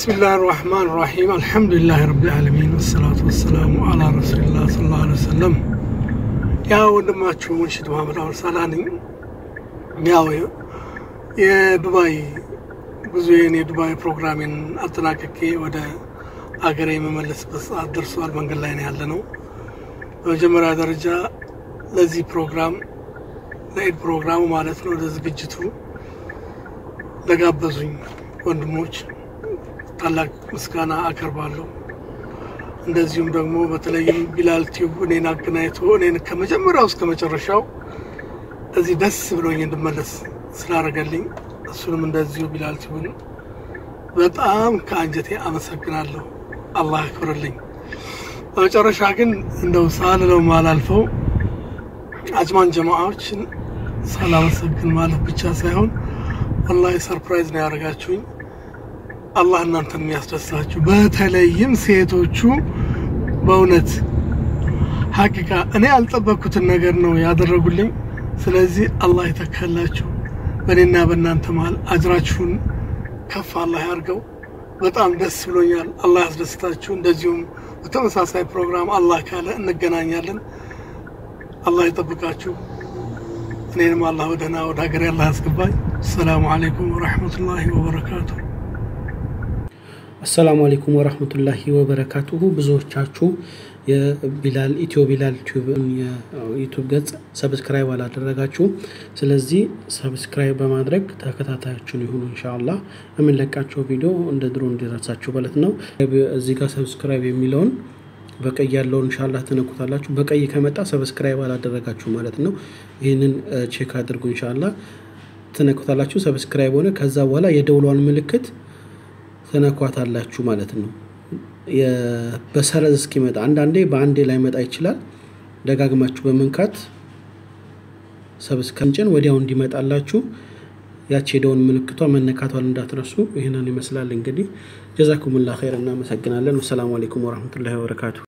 بسم الله الرحمن الرحيم الحمد لله رب العالمين والصلاة والسلام على رسول الله صلى الله عليه وسلم ያው ወንድማችሁ ሙንሽድ መሐመድ አልሳላ ነኝ። ያው የዱባይ ጉዞዬን የዱባይ ፕሮግራሜን አጠናቅቄ ወደ አገሬ የመመለስበት ሰዓት ደርሷል። መንገድ ላይ ነው ያለ ነው። በመጀመሪያ ደረጃ ለዚህ ፕሮግራም ለኢድ ፕሮግራሙ ማለት ነው ለዝግጅቱ ለጋበዙኝ ወንድሞች ታላቅ ምስጋና አቀርባለሁ። እንደዚሁም ደግሞ በተለይም ቢላል ቲዩብ እኔን አገናኝቶ እኔን ከመጀመሪያው እስከ መጨረሻው እዚህ ደስ ብሎኝ እንድመለስ ስላደረገልኝ እሱንም እንደዚሁ ቢላል ቲዩብን በጣም ከአንጀቴ አመሰግናለሁ። አላህ ያክብርልኝ። በመጨረሻ ግን እንደው ሳልለው ማላልፈው አጅማን ጀማዓዎችን ሳላመሰግን ማለት ብቻ ሳይሆን ወላሂ ሰርፕራይዝ ነው ያደረጋችሁኝ። አላህ እናንተ የሚያስደስታችሁ በተለይም ሴቶቹ በእውነት ሀቂቃ እኔ ያልጠበኩትን ነገር ነው ያደረጉልኝ። ስለዚህ አላህ ይተካላችሁ። በእኔና በእናንተ መሀል አጅራችሁን ከፍ አላህ ያርገው። በጣም ደስ ብሎኛል። አላህ ያስደስታችሁ። እንደዚሁም በተመሳሳይ ፕሮግራም አላህ ካለ እንገናኛለን። አላህ ይጠብቃችሁ። እኔንም አላህ ወደና ወደ ሀገር ያላህ አስገባኝ። ሰላም አለይኩም ወረሕመቱላሂ ወበረካቱ። አሰላሙ አሌይኩም ወራህመቱላሂ ወበረካቱሁ። ብዙዎቻችሁ የቢላል ኢትዮ ቢላል ዩቱብ ገጽ ሰብስክራይብ አላደረጋችሁም። ስለዚህ ሰብስክራይብ በማድረግ ተከታታያችን ይሁኑ። እንሻላ የምንለቃቸው ቪዲዮ እንደ ድሮ እንዲደርሳችሁ ማለት ነው። እዚህ ጋር ሰብስክራይብ የሚለውን በቀይ ያለውን እንሻላ ትነኩታላችሁ። በቀይ ከመጣ ሰብስክራይብ አላደረጋችሁ ማለት ነው። ይህንን ቼክ አድርጉ። እንሻላ ትነኩታላችሁ። ሰብስክራይብ ሆነ። ከዛ በኋላ የደውሏን ምልክት ትነኳታላችሁ ማለት ነው። በሰረዝ እስኪመጣ አንዳንዴ በአንዴ ላይ መጣ ይችላል። ደጋግማችሁ በመንካት ሰብስከንጭን ወዲያው እንዲመጣላችሁ ያቺ ሄደውን ምልክቷ መነካቷል እንዳትረሱ። ይህንን ይመስላል እንግዲህ። ጀዛኩሙላ ኸይር፣ እናመሰግናለን። ወሰላሙ አሌይኩም ወረመቱላ ወበረካቱ።